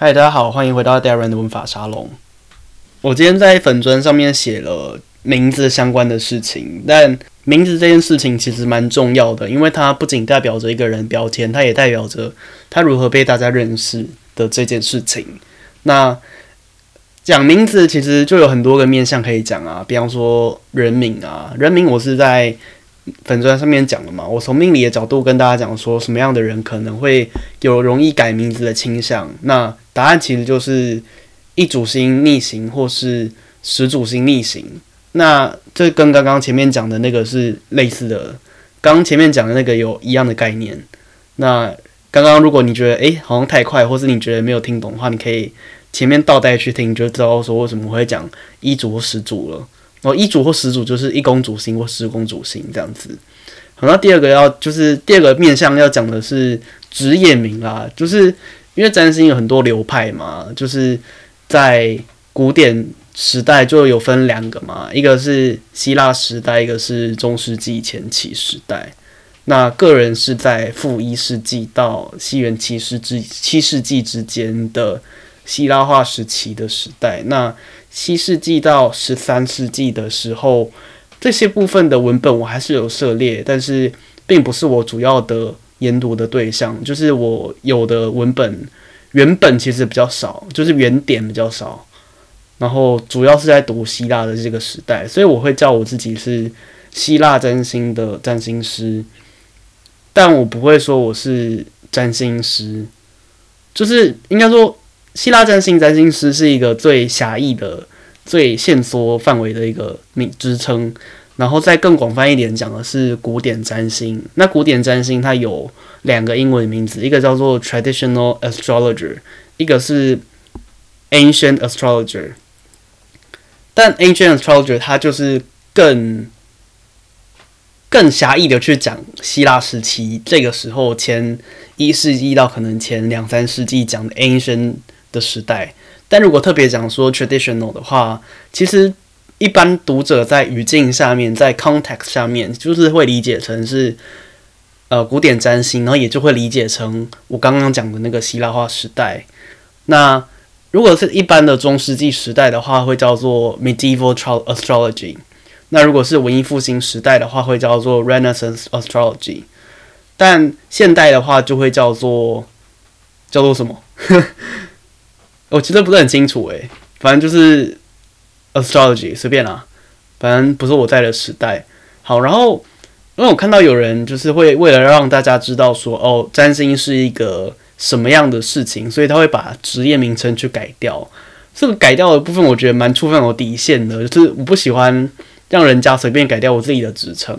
嗨，Hi, 大家好，歡迎回到戴然的文法沙龍。我今天在粉專上面寫了名字相關的事情，但名字這件事情其實蠻重要的，因為它不僅代表着一個人標籤，它也代表着他如何被大家認識的這件事情。那講名字其實就有很多個面向可以講啊，比方說人名啊，人名我是在。粉專上面講了嘛，我從命理的角度跟大家講說，什麼樣的人可能會有容易改名字的傾向？那答案其實就是一主星逆行或是十主星逆行。那這跟剛剛前面講的那個是類似的，剛前面講的那個有一樣的概念。那剛剛如果你覺得誒、欸、好像太快，或是你覺得沒有聽懂的話，你可以前面倒帶去聽，你就知道說為什麼我會講一主十主了。哦，一組或十組就是一宮主星或十宮主星這樣子。好，那第二個要就是第二個面向要講的是職業名啦、啊，就是因為占星有很多流派嘛，就是在古典時代就有分兩個嘛，一個是希臘時代，一個是中世紀前期時代。那個人是在負一世紀到西元七世紀七世紀之間的希臘化時期的時代。那七世紀到十三世紀的時候，這些部分的文本我還是有涉獵，但是並不是我主要的研讀的對象。就是我有的文本原本其實比較少，就是原點比較少。然後主要是在讀希臘的這個時代，所以我會叫我自己是希臘占星的占星師，但我不會說我是占星師，就是應該說。希臘占星占星師是一個最狹義的、最限縮範圍的一個名稱，然後再更廣泛一點講的是古典占星。那古典占星它有兩個英文名字，一個叫做 traditional astrologer，一個是 ancient astrologer。但 ancient astrologer 它就是更更狹義的去講希臘時期，這個時候前一世紀到可能前兩三世紀講的 ancient。的時代，但如果特別講說 traditional 的話，其實一般讀者在語境下面，在 context 下面，就是會理解成是呃古典占星，然後也就會理解成我剛剛講的那個希臘化時代。那如果是一般的中世紀時代的話，會叫做 medieval astrology。那如果是文藝復興時代的話，會叫做 renaissance astrology。但現代的話，就會叫做叫做什麼？ 我其實不是很清楚誒，反正就是 astrology 隨便啦，啊，反正不是我在的時代。好，然後因為我看到有人就是會為了讓大家知道說，哦，占星是一個什麼樣的事情，所以他會把職業名稱去改掉。這個改掉的部分，我覺得蠻觸犯我底線的，就是我不喜歡讓人家隨便改掉我自己的職稱。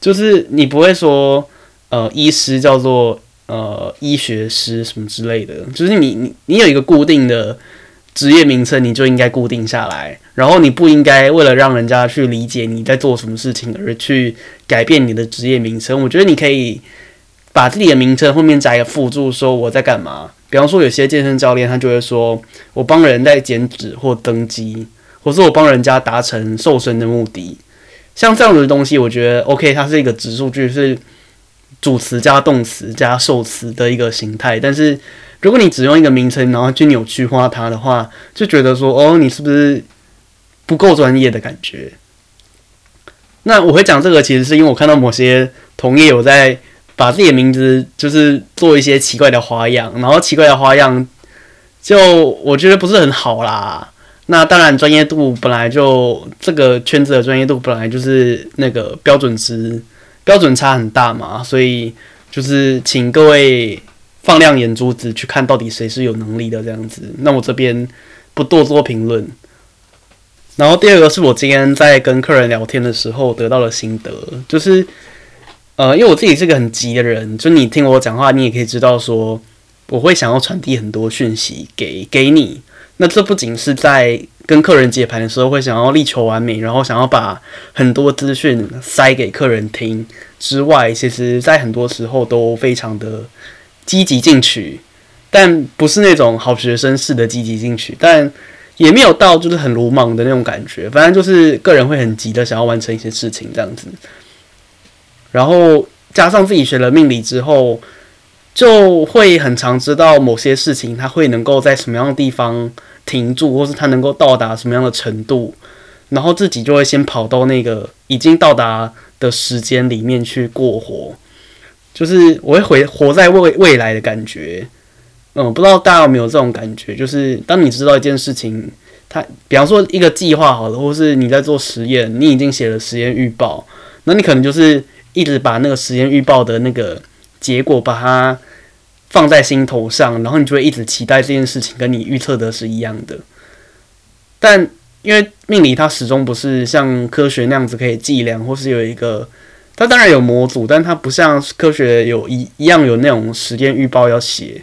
就是你不會說，呃，醫師叫做。呃，醫學師什麼之類的，就是你你你有一個固定的職業名稱，你就應該固定下來。然後你不應該為了讓人家去理解你在做什麼事情而去改變你的職業名稱。我覺得你可以把自己的名稱後面加一個輔助，說我在幹嘛。比方說，有些健身教練他就會說我幫人在減脂或增肌，或是我幫人家達成瘦身的目的。像這樣子的東西，我覺得 OK，它是一個指數就是。主詞加動詞加受詞的一個形態，但是如果你只用一個名稱，然後去扭曲化它的話，就覺得說哦，你是不是不夠專業的感覺？那我會講這個，其實是因為我看到某些同業有在把自己的名字就是做一些奇怪的花樣，然後奇怪的花樣就我覺得不是很好啦。那當然，專業度本來就這個圈子的專業度本來就是那個標準值。標準差很大嘛，所以就是請各位放亮眼珠子去看到底誰是有能力的這樣子。那我這邊不多做評論。然後第二個是我今天在跟客人聊天的時候得到了心得，就是呃，因為我自己是個很急的人，就你聽我講話，你也可以知道說我會想要傳遞很多訊息給給你。那這不僅是在跟客人解盤的時候，會想要力求完美，然後想要把很多資訊塞給客人聽。之外，其實在很多時候都非常的積極進取，但不是那種好學生式的積極進取，但也沒有到就是很魯莽的那種感覺。反正就是個人會很急的想要完成一些事情這樣子。然後加上自己學了命理之後，就會很常知道某些事情，它會能夠在什麼樣的地方。停住，或是他能夠到達什麼樣的程度，然後自己就會先跑到那個已經到達的時間裡面去過活，就是我會回，活在未未來的感覺。嗯，不知道大家有沒有這種感覺？就是當你知道一件事情，它比方說一個計劃好了，或是你在做實驗，你已經寫了實驗預報，那你可能就是一直把那個實驗預報的那個結果把它。放在心頭上，然後你就會一直期待這件事情跟你預測的是一樣的。但因為命理它始終不是像科學那樣子可以計量，或是有一個，它當然有模組，但它不像科學有一一樣有那種時間預報要寫。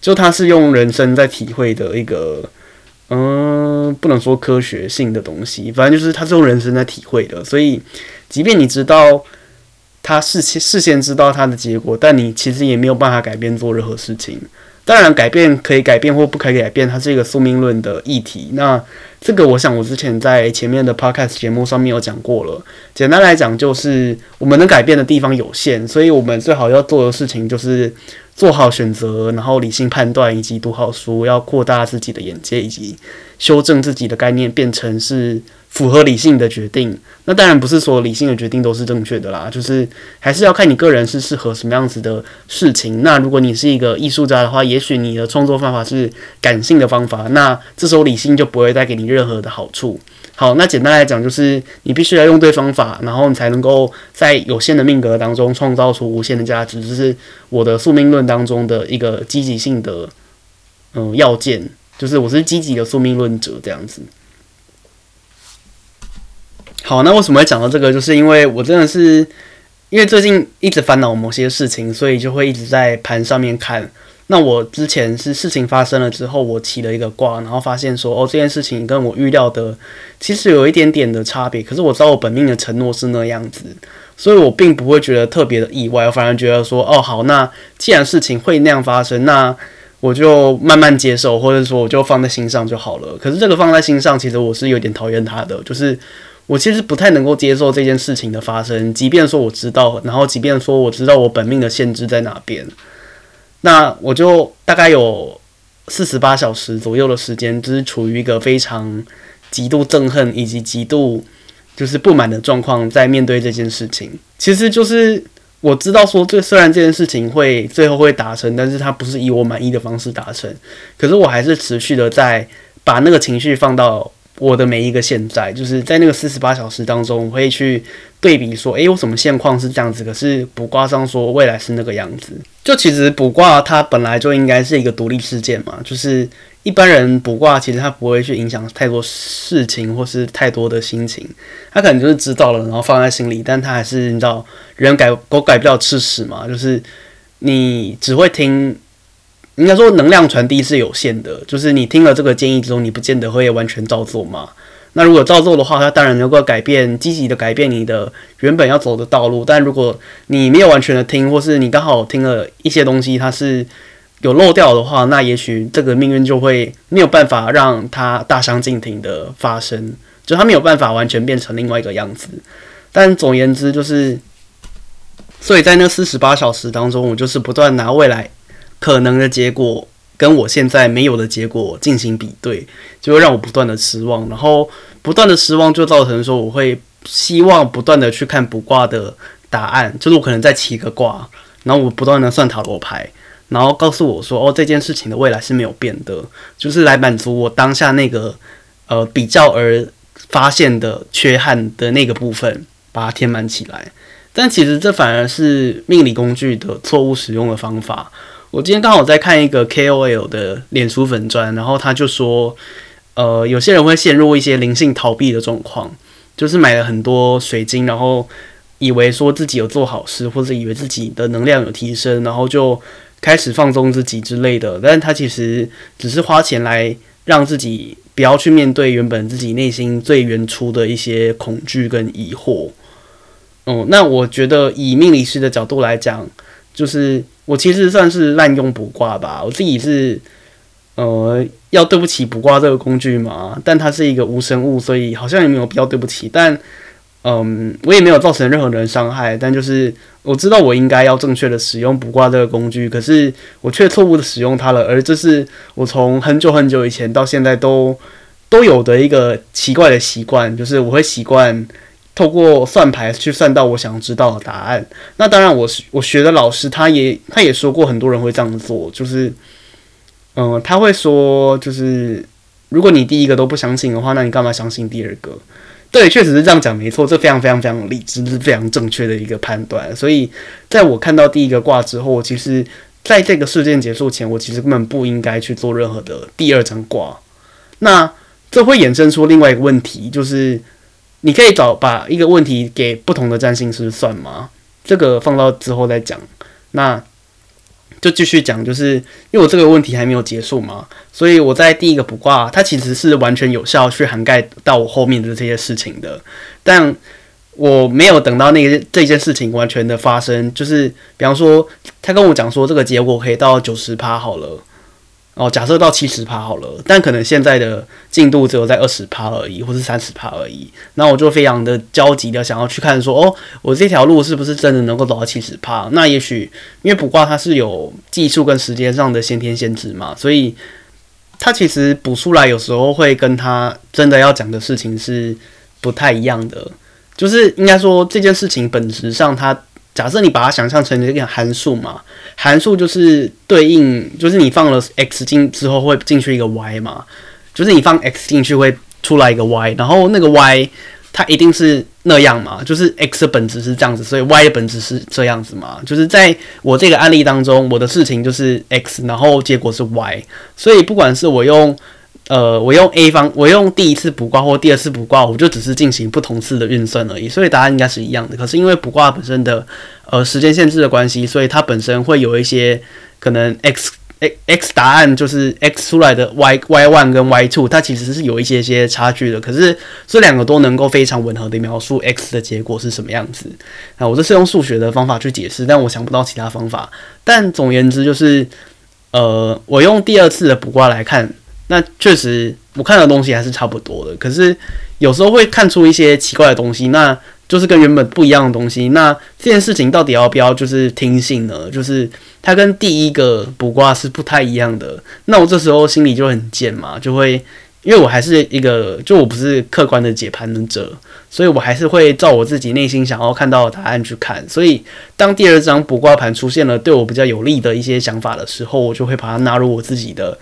就它是用人生在體會的一個，嗯、呃，不能說科學性的東西，反正就是它是用人生在體會的。所以，即便你知道。他事先事先知道他的結果，但你其實也沒有辦法改變做任何事情。當然，改變可以改變或不可以改變，它是一個宿命論的議題。那這個，我想我之前在前面的 Podcast 節目上面有講過了。簡單來講，就是我們能改變的地方有限，所以我們最好要做的事情就是做好選擇，然後理性判斷，以及讀好書，要擴大自己的眼界，以及修正自己的概念，變成是，符合理性的決定，那當然不是所有理性的決定都是正確的啦，就是還是要看你個人是適合什麼樣子的事情。那如果你是一個藝術家的話，也許你的創作方法是感性的方法，那這時候理性就不會帶給你任何的好處。好，那簡單來講就是你必須要用對方法，然後你才能夠在有限的命格當中創造出無限的價值，就是我的宿命論當中的一個積極性的嗯、要件，就是我是積極的宿命論者這樣子。好，那為什麼會講到這個？就是因為我真的是因為最近一直煩惱某些事情，所以就會一直在盤上面看。那我之前是事情發生了之後，我起了一個卦，然後發現說，哦，這件事情跟我預料的其實有一點點的差別。可是我知道我本命的承諾是那樣子，所以我並不會覺得特別的意外。我反而覺得說，哦，好，那既然事情會那樣發生，那我就慢慢接受，或者說我就放在心上就好了。可是這個放在心上，其實我是有點討厭他的，就是。我其實不太能夠接受這件事情的發生，即便說我知道，然後即便說我知道我本命的限制在哪邊，那我就大概有四十八小時左右的時間，就是處於一個非常極度憎恨以及極度就是不滿的狀況，在面對這件事情。其實就是我知道說，這雖然這件事情會最後會達成，但是它不是以我滿意的方式達成，可是我還是持續的在把那個情緒放到。我的每一個現在，就是在那個四十八小時當中，我會去對比說，誒、欸，我什麼現況是這樣子，可是卜卦上說未來是那個樣子。就其實卜卦它本來就應該是一個獨立事件嘛，就是一般人卜卦其實他不會去影響太多事情或是太多的心情，他可能就是知道了，然後放在心裡，但他還是你知道，人改狗改不了吃屎嘛，就是你只會聽。應該說，能量傳遞是有限的，就是你聽了這個建議之後，你不見得會完全照做嘛。那如果照做的話，它當然能夠改變，積極地改變你的原本要走的道路。但如果你沒有完全的聽，或是你剛好聽了一些東西，它是有漏掉的話，那也許這個命運就會沒有辦法讓它大相徑庭的發生，就它沒有辦法完全變成另外一個樣子。但總而言之，就是所以在那四十八小時當中，我就是不斷拿未來，可能的結果跟我現在沒有的結果進行比對，就會讓我不斷的失望，然後不斷的失望就造成說我會希望不斷的去看卜卦的答案，就是我可能再起個卦，然後我不斷的算塔羅牌，然後告訴我說哦，這件事情的未來是沒有變的，就是來滿足我當下那個呃比較而發現的缺憾的那個部分，把它填滿起來。但其實這反而是命理工具的錯誤使用的方法。我今天剛好在看一個 KOL 的臉書粉專，然後他就說，呃，有些人會陷入一些靈性逃避的狀況，就是買了很多水晶，然後以為說自己有做好事，或者以為自己的能量有提升，然後就開始放鬆自己之類的。但他其實只是花錢來讓自己不要去面對原本自己內心最原初的一些恐懼跟疑惑。哦、嗯，那我覺得以命理師的角度來講，就是。我其實算是濫用卜卦吧，我自己是，呃，要對不起卜卦這個工具嘛，但它是一個無生物，所以好像也沒有必要對不起。但，嗯、呃，我也沒有造成任何人傷害。但就是我知道我應該要正確的使用卜卦這個工具，可是我卻錯誤的使用它了。而這是我從很久很久以前到現在都都有的一個奇怪的習慣，就是我會習慣。透過算牌，去算到我想知道的答案。那當然我，我我學的老師他也他也說過，很多人會這樣做，就是，嗯、呃，他會說，就是如果你第一個都不相信的話，那你幹嘛相信第二個？對，確實是這樣講，沒錯，這非常非常非常理智，這是非常正確的一個判斷。所以，在我看到第一個卦之後，其實在這個事件結束前，我其實根本不應該去做任何的第二張卦。那這會衍生出另外一個問題，就是。你可以找把一個問題給不同的占星師算嗎？這個放到之後再講。那就繼續講，就是因為我這個問題還沒有結束嘛，所以我在第一個卜卦，它其實是完全有效去涵蓋到我後面的這些事情的。但我沒有等到那個這件事情完全的發生，就是比方說他跟我講說這個結果可以到九十趴好了。哦，假設到七十趴好了，但可能現在的進度只有在二十趴而已，或是三十趴而已。那我就非常的焦急的想要去看說，說哦，我這條路是不是真的能夠走到七十趴？那也許因為卜卦它是有技術跟時間上的先天限制嘛，所以它其實卜出來有時候會跟它真的要講的事情是不太一樣的。就是應該說這件事情本質上它。假設你把它想象成一個函數嘛，函數就是對應，就是你放了 x 進之後會進去一個 y 嘛，就是你放 x 進去會出來一個 y，然後那個 y 它一定是那樣嘛，就是 x 的本質是這樣子，所以 y 的本質是這樣子嘛，就是在我這個案例當中，我的事情就是 x，然後結果是 y，所以不管是我用。呃，我用 A 方，我用第一次卜卦或第二次卜卦，我就只是進行不同次的運算而已，所以答案應該是一樣的。可是因為卜卦本身的呃時間限制的關係，所以它本身會有一些可能 x x, x 答案就是 x 出來的 y y one 跟 y two，它其實是有一些些差距的。可是這兩個都能夠非常吻合的描述 x 的結果是什麼樣子。啊，我這是用數學的方法去解釋，但我想不到其他方法。但總言之，就是呃，我用第二次的卜卦來看。那確實，我看的東西還是差不多的，可是有時候會看出一些奇怪的東西，那就是跟原本不一樣的東西。那這件事情到底要不要就是聽信呢？就是它跟第一個卜卦是不太一樣的。那我這時候心裡就很賤嘛，就會因為我還是一個，就我不是客觀的解盤者，所以我還是會照我自己內心想要看到的答案去看。所以當第二張卜卦盤出現了對我比較有利的一些想法的時候，我就會把它納入我自己的。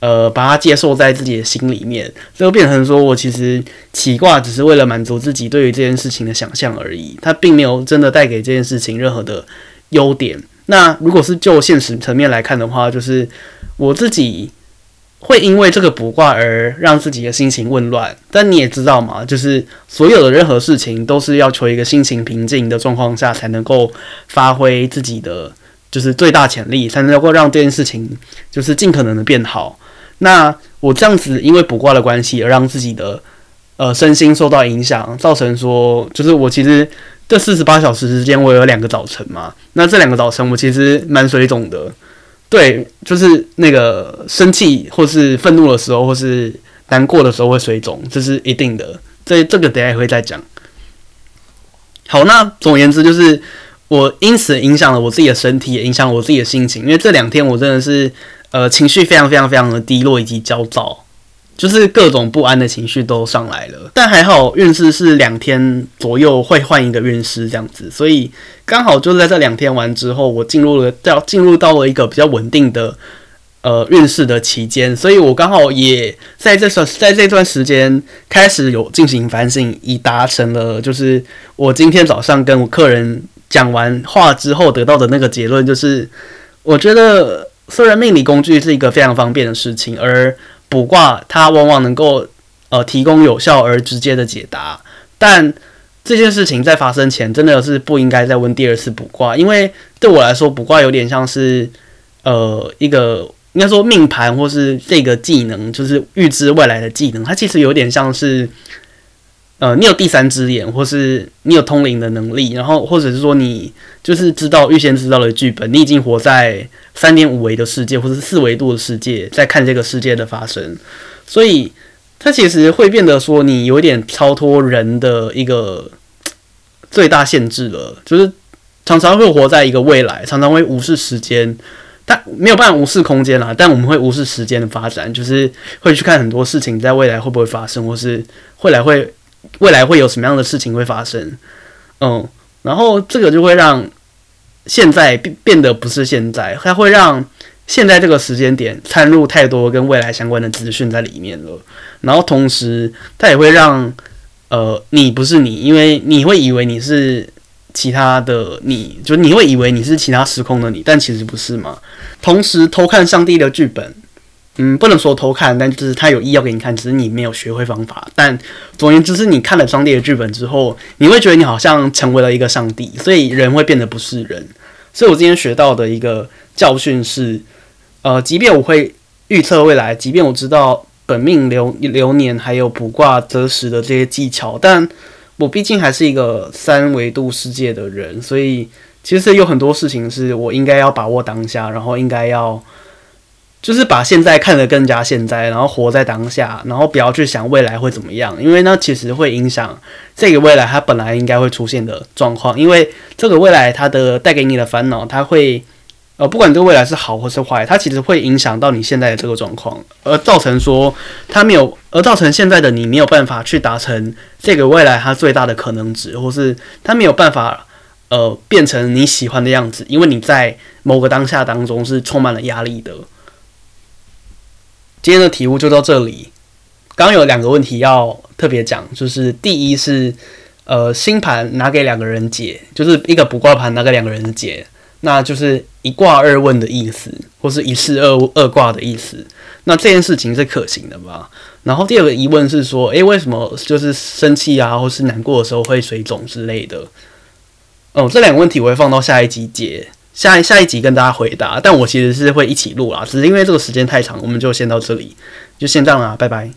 呃，把它接受在自己的心裡面，這就變成說我其實起卦只是為了滿足自己對於這件事情的想象而已，它並沒有真的帶給這件事情任何的優點。那如果是就現實層面來看的話，就是我自己會因為這個卜卦而讓自己的心情紊亂。但你也知道嘛，就是所有的任何事情都是要求一個心情平靜的狀況下才能夠發揮自己的就是最大潛力，才能夠讓這件事情就是盡可能的變好。那我這樣子，因為卜卦的關係而讓自己的呃，身心受到影響，造成說就是我其實這四十八小時之間，我有兩個早晨嘛。那這兩個早晨，我其實蠻水腫的。對，就是那個生氣或是憤怒的時候，或是難過的時候會水腫，這是一定的。這這個等下也會再講。好，那總而言之就是。我因此影響了我自己的身體，也影響了我自己的心情。因為這兩天我真的是，呃，情緒非常非常非常的低落以及焦躁，就是各種不安的情緒都上來了。但還好運勢是兩天左右會換一個運勢這樣子，所以剛好就是在這兩天完之後，我進入了叫進入到了一個比較穩定的呃運勢的期間。所以我剛好也在這段在這段時間開始有進行反省，已達成了就是我今天早上跟我客人。講完話之後得到的那個結論就是，我覺得雖然命理工具是一個非常方便的事情，而卜卦它往往能夠呃提供有效而直接的解答，但這件事情在發生前真的是不應該再問第二次卜卦，因為對我來說卜卦有點像是呃一個，應該說命盤或是這個技能，就是預知未來的技能，它其實有點像是。呃，你有第三隻眼，或是你有通靈的能力，然後或者是說你就是知道預先知道的劇本，你已經活在三點五維的世界，或是四維度的世界，在看這個世界的發生，所以它其實會變得說你有點超脫人的一個最大限制了，就是常常會活在一個未來，常常會無視時間，但沒有辦法無視空間啦，但我們會無視時間的發展，就是會去看很多事情在未來會不會發生，或是未來會。未來會有什麼樣的事情會發生？嗯，然後這個就會讓現在變變得不是現在，它會讓現在這個時間點摻入太多跟未來相關的資訊在裡面了。然後同時，它也會讓呃你不是你，因為你會以為你是其他的你，你就你會以為你是其他時空的你，但其實不是嘛。同時偷看上帝的劇本。嗯，不能說偷看，但就是他有意要給你看，只是你沒有學會方法。但總言之，是你看了上帝的劇本之後，你會覺得你好像成為了一個上帝，所以人會變得不是人。所以我今天學到的一個教訓是，呃，即便我會預測未來，即便我知道本命流流年還有卜卦擇時的這些技巧，但我畢竟還是一個三維度世界的人，所以其實有很多事情是我應該要把握當下，然後應該要。就是把現在看得更加現在，然後活在當下，然後不要去想未來會怎麼樣，因為那其實會影響這個未來它本來應該會出現的狀況。因為這個未來它的帶給你的煩惱，它會呃，不管這個未來是好或是壞，它其實會影響到你現在的這個狀況，而造成說它沒有，而造成現在的你沒有辦法去達成這個未來它最大的可能值，或是它沒有辦法呃變成你喜歡的樣子，因為你在某個當下當中是充滿了壓力的。今天的題目就到這裡。剛剛有兩個問題要特別講，就是第一是，呃，星盤拿給兩個人解，就是一個卜卦盤拿給兩個人解，那就是一卦、二問的意思，或是一事二二卦的意思。那這件事情是可行的吧？然後第二個疑問是說，誒、欸，為什麼就是生氣啊，或是難過的時候會水腫之類的？哦、呃，這兩個問題我會放到下一集解。下一下一集跟大家回答，但我其實是會一起錄啦，只是因為這個時間太長，我們就先到這裡，就先這樣啦，拜拜。